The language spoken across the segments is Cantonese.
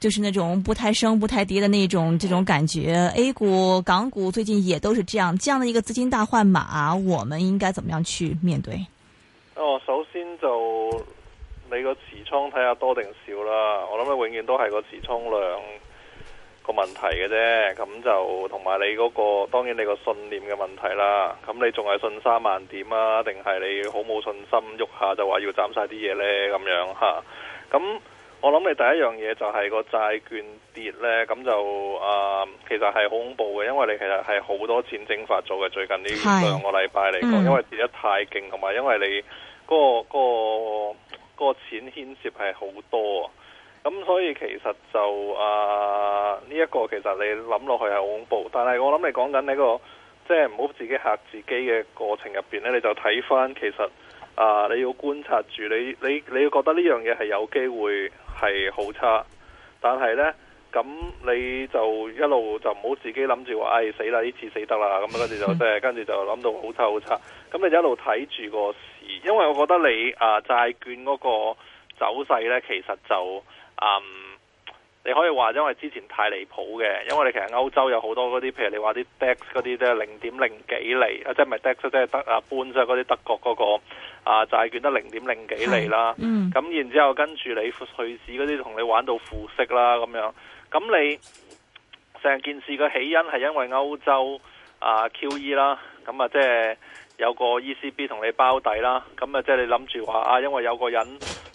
就是那種不太升、不太跌的那種這種感覺，A 股、港股最近也都是這樣。這樣的一個資金大換馬，我們應該怎麼樣去面對？哦，首先就你個持倉睇下多定少啦，我諗你永遠都係個持倉量個問題嘅啫。咁就同埋你嗰個，當然你個信念嘅問題啦。咁你仲係信三萬點啊？定係你好冇信心喐下就話要斬晒啲嘢咧？咁樣吓咁。啊嗯我諗你第一樣嘢就係個債券跌呢，咁就啊、呃，其實係好恐怖嘅，因為你其實係好多錢蒸發咗嘅。最近呢兩個禮拜嚟講，因為跌得太勁，同、嗯、埋因為你嗰、那個嗰、那個嗰、那個錢牽涉係好多啊。咁所以其實就啊，呢、呃、一、這個其實你諗落去係好恐怖。但係我諗你講緊呢個，即係唔好自己嚇自己嘅過程入邊呢，你就睇翻其實啊、呃，你要觀察住你你你要覺得呢樣嘢係有機會。係好差，但係呢，咁你就一路就唔好自己諗住話，哎死啦，呢次死得啦，咁跟住就即係 跟住就諗到好差好差，咁你就一路睇住個市，因為我覺得你啊債券嗰個走勢呢，其實就、嗯你可以話，因為之前太離譜嘅，因為你其實歐洲有好多嗰啲，譬如你話啲 Bex 嗰啲即係零點零幾厘，啊，即係唔係 Bex 即係德，搬、就係德嗰個、啊，半嗰啲德國嗰個啊債券得零點零幾厘啦，咁、嗯、然之後跟住你去市嗰啲同你玩到負息啦咁樣，咁你成件事嘅起因係因為歐洲啊 QE 啦，咁啊即係有個 ECB 同你包底啦，咁啊即係你諗住話啊，因為有個人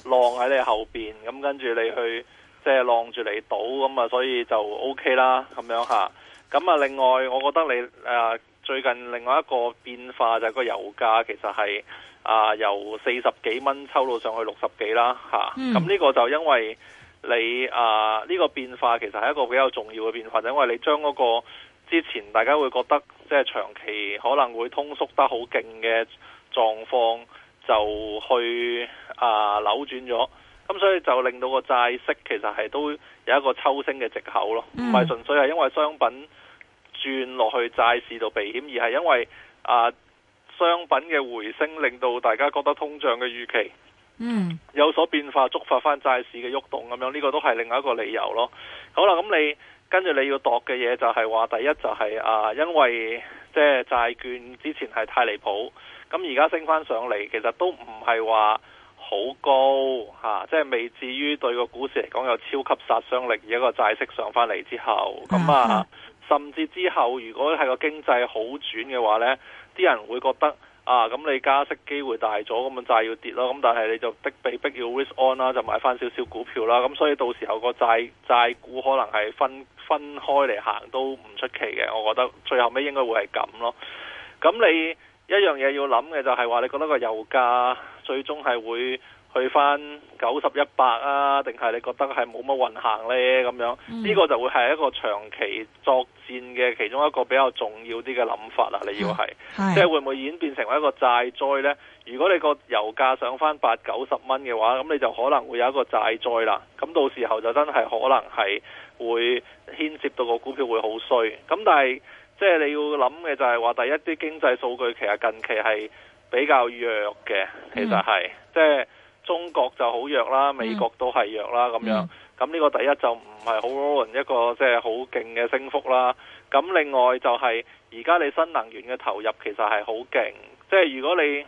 浪喺你後邊，咁跟住你去。即係晾住嚟倒，咁啊，所以就 OK 啦，咁樣吓。咁啊，另外我覺得你誒，最近另外一個變化就係個油價，其實係啊、呃、由四十幾蚊抽到上去六十幾啦吓。咁、嗯、呢個就因為你啊呢、呃這個變化其實係一個比較重要嘅變化，就係、因為你將嗰個之前大家會覺得即係長期可能會通縮得好勁嘅狀況，就去啊、呃、扭轉咗。咁所以就令到個債息其實係都有一個抽升嘅借口咯，唔係純粹係因為商品轉落去債市度避險，而係因為啊商品嘅回升令到大家覺得通脹嘅預期嗯有所變化，觸發翻債市嘅喐動，咁樣呢個都係另外一個理由咯。好啦，咁你跟住你要度嘅嘢就係話第一就係啊，因為即係債券之前係太離譜，咁而家升翻上嚟，其實都唔係話。好高嚇、啊，即係未至於對個股市嚟講有超級殺傷力。而一個債息上返嚟之後，咁啊，啊，甚至之後如果係個經濟好轉嘅話呢，啲人會覺得啊，咁你加息機會大咗，咁啊債要跌咯。咁但係你就逼被逼，逼要 risk on 啦，就買翻少少股票啦。咁所以到時候個債債股可能係分分開嚟行都唔出奇嘅。我覺得最後尾應該會係咁咯。咁你。一樣嘢要諗嘅就係話，你覺得個油價最終係會去翻九十一百啊，定係你覺得係冇乜運行呢？咁樣？呢、嗯呢個就會係一個長期作戰嘅其中一個比較重要啲嘅諗法啦。你要係、嗯，即係會唔會演變成為一個債災呢？如果你個油價上翻八九十蚊嘅話，咁你就可能會有一個債災啦。咁到時候就真係可能係會牽涉到個股票會好衰。咁但係。即係你要諗嘅就係話，第一啲經濟數據其實近期係比較弱嘅，其實係、嗯、即係中國就好弱啦，美國都係弱啦咁樣。咁、嗯、呢個第一就唔係好可能一個即係好勁嘅升幅啦。咁另外就係而家你新能源嘅投入其實係好勁，即係如果你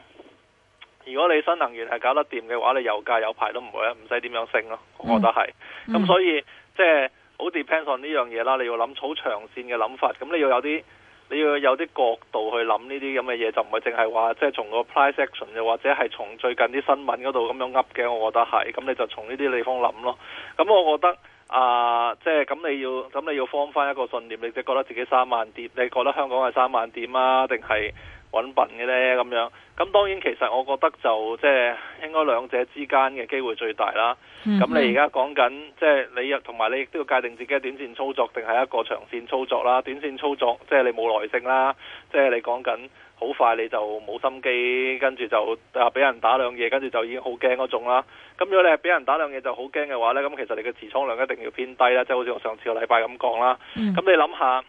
如果你新能源係搞得掂嘅話，你油價有排都唔會啊，唔使點樣升咯、嗯，我覺得係。咁、嗯、所以、嗯、即係。好 depend on 呢樣嘢啦，你要諗好長線嘅諗法，咁你要有啲你要有啲角度去諗呢啲咁嘅嘢，就唔係淨係話即係從個 price action 又或者係從最近啲新聞嗰度咁樣噏嘅，我覺得係，咁你就從呢啲地方諗咯。咁我覺得啊，即係咁你要咁你要 form 翻一個信念，你就覺得自己三萬點，你覺得香港係三萬點啊，定係？揾笨嘅咧，咁樣，咁當然其實我覺得就即係應該兩者之間嘅機會最大啦。咁、嗯嗯、你而家講緊即係你同埋你都要界定自己嘅短線操作定係一個長線操作啦。短線操作即係你冇耐性啦，即係你講緊好快你就冇心機，跟住就啊俾人打兩嘢，跟住就已經好驚嗰種啦。咁如果你係俾人打兩嘢就好驚嘅話呢，咁其實你嘅持倉量一定要偏低啦，即係好似我上次個禮拜咁講啦。咁、嗯嗯、你諗下，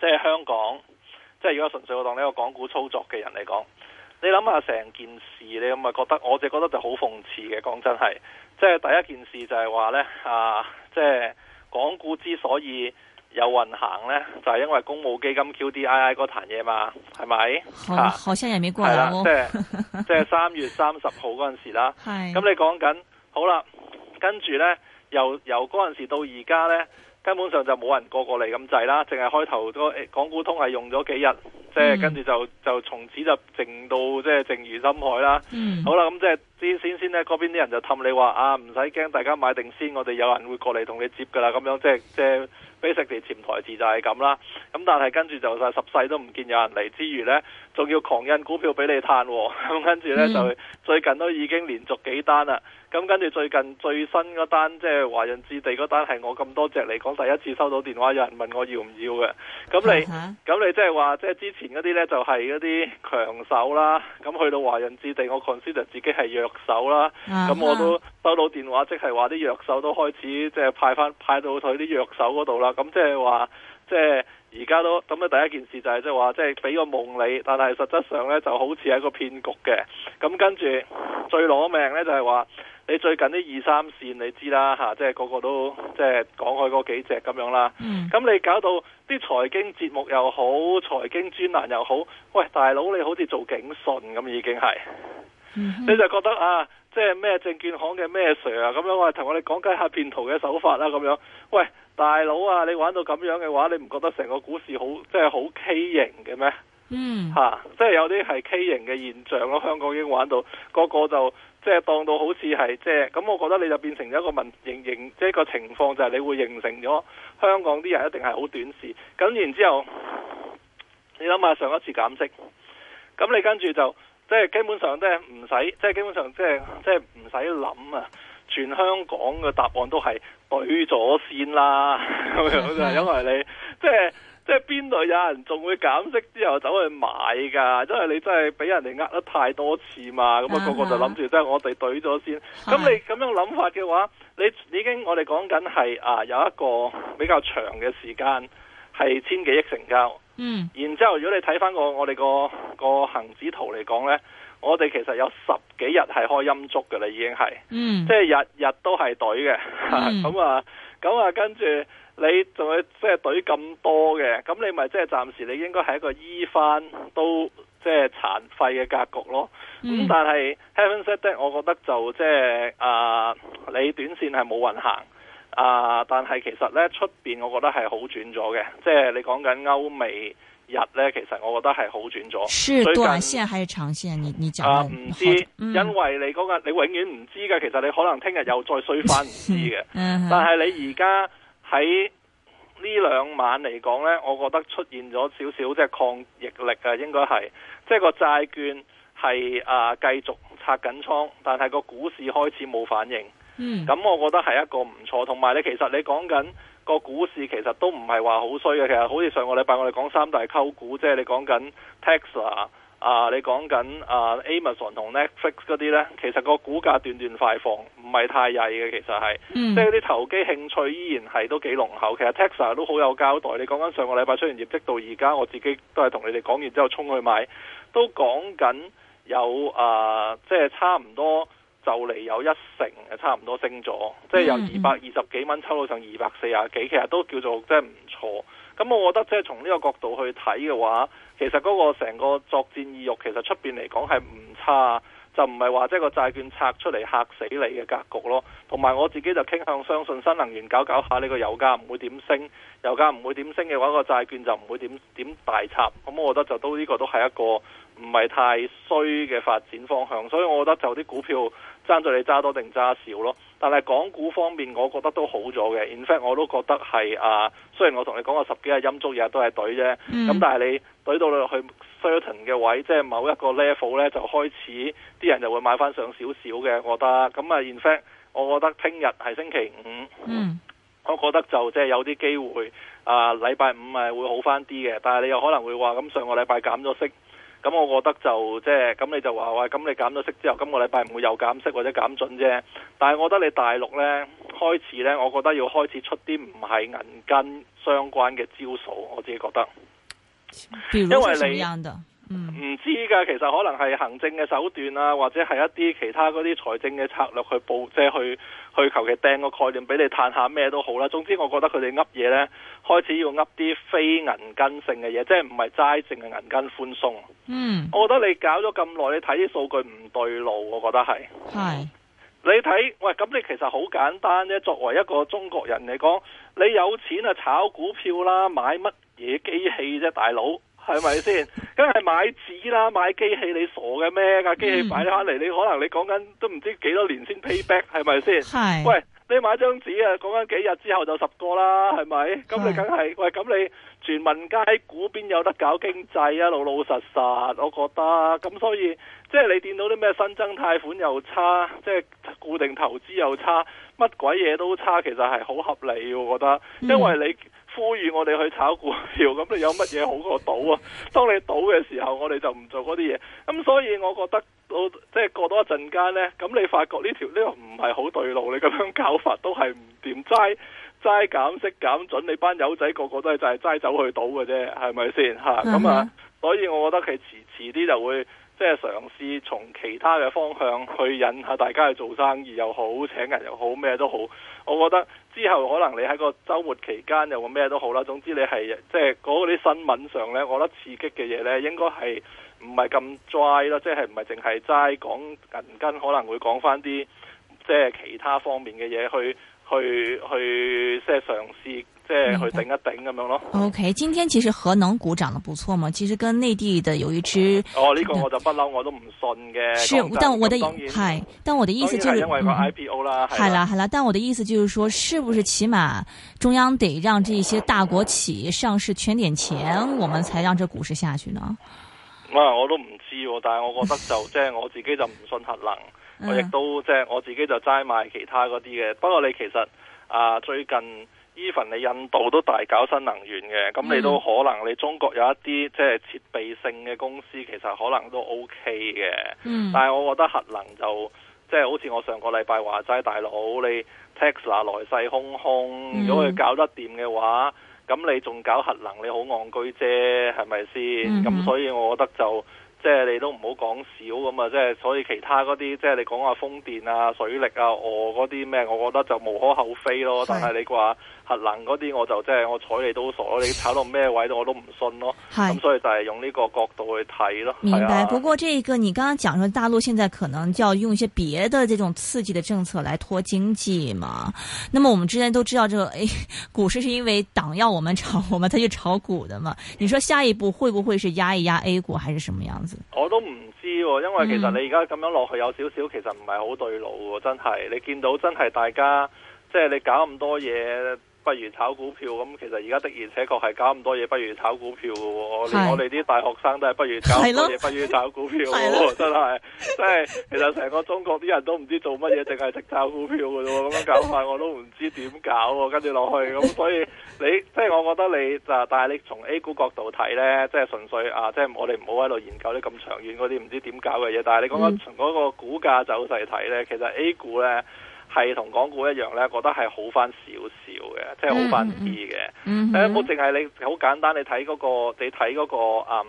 即係香港。即係如果純粹我當呢個港股操作嘅人嚟講，你諗下成件事，你咁咪覺得我就覺得就好諷刺嘅。講真係，即係第一件事就係話呢，啊，即係港股之所以有運行呢，就係因為公募基金 QDII 嗰壇嘢嘛，係咪？好，好犀利嘅觀即係三月三十號嗰陣時啦。係。咁你講緊好啦，跟住呢，由由嗰陣時到而家呢。根本上就冇人過過嚟咁滯啦，淨係開頭都港股通係用咗幾日，即係跟住就就從此就靜到即係靜如深海啦。嗯，好啦，咁即係。之先先呢，嗰邊啲人就氹你話啊，唔使驚，大家買定先，我哋有人會過嚟同你接噶啦，咁樣即係即係 basically 潛台詞就係咁啦。咁但係跟住就係十世都唔見有人嚟，之餘呢，仲要狂印股票俾你嘆。咁、啊、跟住呢、嗯，就最近都已經連續幾單啦。咁、啊、跟住最近最新嗰單即係華潤置地嗰單係我咁多隻嚟講第一次收到電話，有人問我要唔要嘅。咁、啊嗯、你咁你即係話即係之前嗰啲呢，就係嗰啲強手啦。咁去到華潤置地，我 consider 自己係弱弱手啦，咁我都收到電話，即係話啲弱手都開始即係派翻派到佢啲弱手嗰度啦。咁即係話，即係而家都咁樣第一件事就係即係話，即係俾個夢你，但係實質上咧就好似係一個騙局嘅。咁跟住最攞命咧就係話，你最近啲二三線你知啦吓，即係個個都即係講開嗰幾隻咁樣啦。咁、嗯、你搞到啲財經節目又好，財經專欄又好，喂大佬你好似做警訊咁已經係。 你就覺得啊，即係咩證券行嘅咩 Sir 啊，咁樣，樣我哋同我哋講解下騙徒嘅手法啦、啊，咁樣。喂，大佬啊，你玩到咁樣嘅話，你唔覺得成個股市好即係好畸形嘅咩？嗯、就是，吓，即 係、啊就是、有啲係畸形嘅現象咯。香港已經玩到個個就即係、就是、當到好似係即係，咁我覺得你就變成咗一個問形形，即係個情況就係你會形成咗香港啲人一定係好短視。咁然之後，你諗下上一次減息，咁你跟住就。即、就、係、是、基本上都係唔使，即、就、係、是、基本上即係即係唔使諗啊！全香港嘅答案都係對咗先啦，咁樣就係 因為你即係即係邊度有人仲會減息之後走去買噶？因為你真係俾人哋呃得太多次嘛，咁 啊個，個個就諗住即係我哋對咗先。咁 你咁樣諗法嘅話，你已經我哋講緊係啊有一個比較長嘅時間係千幾億成交。嗯，然之後，如果你睇翻個我哋個個恒指圖嚟講咧，我哋其實有十幾日係開陰燭嘅啦，已經係，嗯，即係日日都係懟嘅，咁、嗯、啊，咁 啊、嗯嗯嗯，跟住你仲要即係懟咁多嘅，咁你咪即係暫時你應該係一個醫翻都即係殘廢嘅格局咯，咁、嗯嗯、但係 having said that 我覺得就即係啊，你短線係冇運行。啊、呃！但係其實呢，出邊我覺得係好轉咗嘅，即係你講緊歐美日呢，其實我覺得係好轉咗。是短線還是長線？你你講啊？唔、呃、知、嗯，因為你嗰、那個你永遠唔知嘅,其實你可能聽日又再衰翻唔知嘅。 但係你而家喺呢兩晚嚟講呢，我覺得出現咗少少即係抗逆力嘅、啊，應該係即係個債券係啊繼續拆緊倉，但係個股市開始冇反應。嗯，咁我覺得係一個唔錯，同埋你其實你講緊個股市其實都唔係話好衰嘅，其實好似上個禮拜我哋講三大溝股，即係你講緊 Tesla 啊，你講緊啊 Amazon 同 Netflix 嗰啲呢，其實個股價斷斷快放，唔係太曳嘅，其實係、嗯，即係啲投機興趣依然係都幾濃厚。其實 Tesla 都好有交代，你講緊上個禮拜出完業績到而家，我自己都係同你哋講完之後衝去買，都講緊有啊，即係差唔多。就嚟 有一成，差唔多升咗，即係由二百二十幾蚊抽到成二百四啊幾，其實都叫做即係唔錯。咁我覺得即係從呢個角度去睇嘅話，其實嗰個成個作戰意欲其實出邊嚟講，係唔差，就唔係話即係個債券拆出嚟嚇死你嘅格局咯。同埋我自己就傾向相信新能源搞搞下呢個油價唔會點升，油價唔會點升嘅話，個債券就唔會點點大拆。咁我覺得就都呢個都係一個。唔係太衰嘅發展方向，所以我覺得就啲股票爭在你揸多定揸少咯。但係港股方面，我覺得都好咗嘅。In fact，我都覺得係啊。雖然我同你講個十幾日陰燭日日都係對啫，咁、嗯、但係你對到你去 certain 嘅位，即係某一個 level 咧，就開始啲人就會買翻上少少嘅。我覺得咁啊。In fact，我覺得聽日係星期五，嗯、我覺得就即係有啲機會啊。禮拜五係會好翻啲嘅，但係你又可能會話咁上個禮拜減咗息。咁我覺得就即係咁，你就話喂，咁、哎、你減咗息之後，今個禮拜唔會有減息或者減準啫。但係我覺得你大陸呢開始呢，我覺得要開始出啲唔係銀根相關嘅招數，我自己覺得，因為你。嗯，唔知噶，其實可能係行政嘅手段啊，或者係一啲其他嗰啲財政嘅策略去報，即係去去求其掟個概念俾你探下咩都好啦。總之，我覺得佢哋噏嘢呢，開始要噏啲非銀根性嘅嘢，即係唔係齋淨嘅銀根寬鬆。嗯，我覺得你搞咗咁耐，你睇啲數據唔對路，我覺得係係你睇，喂，咁你其實好簡單啫。作為一個中國人嚟講，你有錢啊，炒股票啦，買乜嘢機器啫，大佬。係咪先？梗 係買紙啦，買機器你傻嘅咩？架機器擺咗翻嚟，你可能你講緊都唔知幾多年先 pay back，係咪先？係。喂，你買張紙啊？講緊幾日之後就十個啦，係咪？咁你梗係喂咁你全民皆股，邊有得搞經濟啊？老老實實，我覺得咁，所以即係你見到啲咩新增貸款又差，即係固定投資又差，乜鬼嘢都差，其實係好合理，我覺得，因為你。嗯呼籲我哋去炒股票，咁你有乜嘢好過賭啊？當你賭嘅時候，我哋就唔做嗰啲嘢。咁所以我覺得，到即係過多陣間呢，咁你發覺呢條呢個唔係好對路，你咁樣搞法都係唔掂。齋齋減息減準，你班友仔個個都係就係齋走去賭嘅啫，係咪先嚇？咁啊。所以我覺得佢遲遲啲就會即係、即係、嘗試從其他嘅方向去引下大家去做生意又好，請人又好，咩都好。我覺得之後可能你喺個週末期間又會咩都好啦。總之你係即係嗰啲新聞上呢，我覺得刺激嘅嘢呢，應該係唔係咁 dry 咯，即係唔係淨係齋講銀根，可能會講返啲即係其他方面嘅嘢去去去即係嘗試。即、就、係、是、去頂一頂咁樣咯。O、okay, K，今天其實核能股漲得不錯嘛，其實跟內地的有一支。哦，呢、這個我就不嬲，我都唔信嘅。但我的，嗨，但我的意思就係、是、因為個 I P O 啦。好、嗯、啦好啦，啦，但我的意思就是說，是不是起碼中央得讓這些大國企上市圈點錢，我們才讓這股市下去呢？啊、嗯，我都唔知，但係我覺得就即係 我自己就唔信核能，嗯、我亦都即係、就是、我自己就齋買其他嗰啲嘅。不過你其實啊，最近。Even 你印度都大搞新能源嘅，咁、mm-hmm. 你都可能你中國有一啲即係設備性嘅公司，其實可能都 OK 嘅。Mm-hmm. 但係我覺得核能就即係、就是、好似我上個禮拜話齋，大佬你 Tesla 來勢洶洶，mm-hmm. 如果佢搞得掂嘅話，咁你仲搞核能你，你好戇居啫，係咪先？咁所以我覺得就即係、就是、你都唔好講少咁啊！即、就、係、是、所以其他嗰啲，即、就、係、是、你講話風電啊、水力啊、哦嗰啲咩，我覺得就無可厚非咯。但係你話，核能嗰啲我就即係我睬你都傻咯，你炒到咩位都我都唔信咯。係咁、嗯，所以就係用呢個角度去睇咯。明白。不過呢個你剛剛講說大陸現在可能就要用一些別的這種刺激的政策來拖經濟嘛。那麼我們之前都知道、這個，就、哎、A 股市是因為黨要我們炒我們他就炒股的嘛。你說下一步會不會是壓一壓 A 股還是什麼樣子？我都唔知、哦，因為其實你而家咁樣落去有少少，其實唔係好對路喎、哦。真係。你見到真係大家即係你搞咁多嘢。不如炒股票咁，其實而家的而且確係搞咁多嘢不如炒股票嘅喎，連我哋啲大學生都係不如搞咁多嘢不如炒股票，真係即係其實成、哦哦、個中國啲人都唔知做乜嘢，淨係識炒股票嘅啫喎，咁樣搞法我都唔知點搞喎，跟住落去咁，所以你即係、就是、我覺得你就但係你從 A 股角度睇呢，即、就、係、是、純粹啊，即、就、係、是、我哋唔好喺度研究啲咁長遠嗰啲唔知點搞嘅嘢，但係你講緊、嗯、從嗰個股價走勢睇呢，其實 A 股呢。係同港股一樣呢，覺得係好翻少少嘅，即、就、係、是、好翻啲嘅。誒、mm-hmm. mm-hmm. 啊，冇，淨係你好簡單，你睇嗰、那個，你睇嗰、那個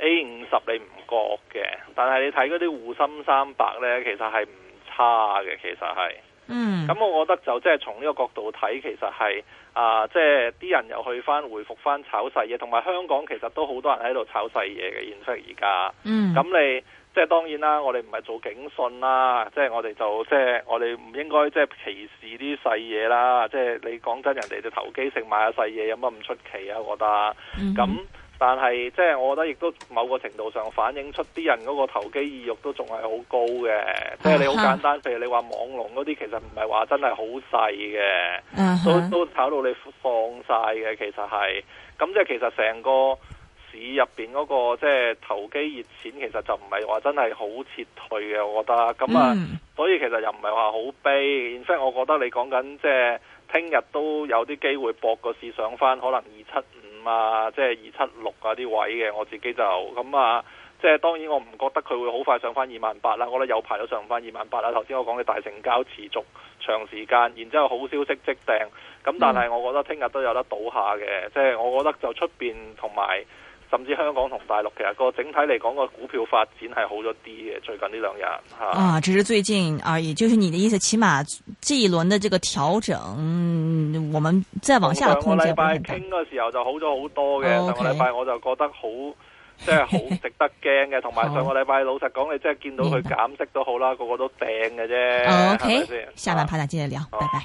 A 五十你唔覺嘅，但係你睇嗰啲滬深三百呢，其實係唔差嘅。其實係，嗯，咁我覺得就即係、就是、從呢個角度睇，其實係啊，即係啲人又去翻回復翻炒細嘢，同埋香港其實都好多人喺度炒細嘢嘅，現出而家，嗯，咁你。即係當然啦，我哋唔係做警訊啦，即係我哋就即係我哋唔應該即係歧視啲細嘢啦。即係你講真，人哋就投機性買下細嘢有乜唔出奇啊？我覺得。咁、mm-hmm.，但係即係我覺得亦都某個程度上反映出啲人嗰個投機意欲都仲係好高嘅。即、uh-huh. 係你好簡單，譬如你話網龍嗰啲，其實唔係話真係好細嘅，都都炒到你放晒嘅。其實係咁，即係其實成個。市入邊嗰個即係投機熱錢，其實就唔係話真係好撤退嘅，我覺得咁啊，mm. 所以其實又唔係話好悲。相反，我覺得你講緊即係聽日都有啲機會博個市上翻，可能二七五啊，即係二七六啊啲位嘅。我自己就咁啊，即係當然我唔覺得佢會好快上翻二萬八啦。我覺得有排都上唔翻二萬八啦。頭先我講嘅大成交持續長時間，然之後好消息即定，咁但係我覺得聽日都有得倒下嘅。即、mm. 係我覺得就出邊同埋。甚至香港同大陸，其實個整體嚟講個股票發展係好咗啲嘅。最近呢兩日吓、啊，啊，只是最近而已。啊、就是你的意思，起碼這一輪的這個調整，我們再往下。上個禮拜傾嘅時候就好咗好多嘅。Oh, okay. 上個禮拜我就覺得好，即係好值得驚嘅。同 埋上個禮拜 老實講，你即係見到佢減息都好啦，個個都掟嘅啫。O、oh, K，、okay. 下晚拍檔再聊，oh. 拜拜。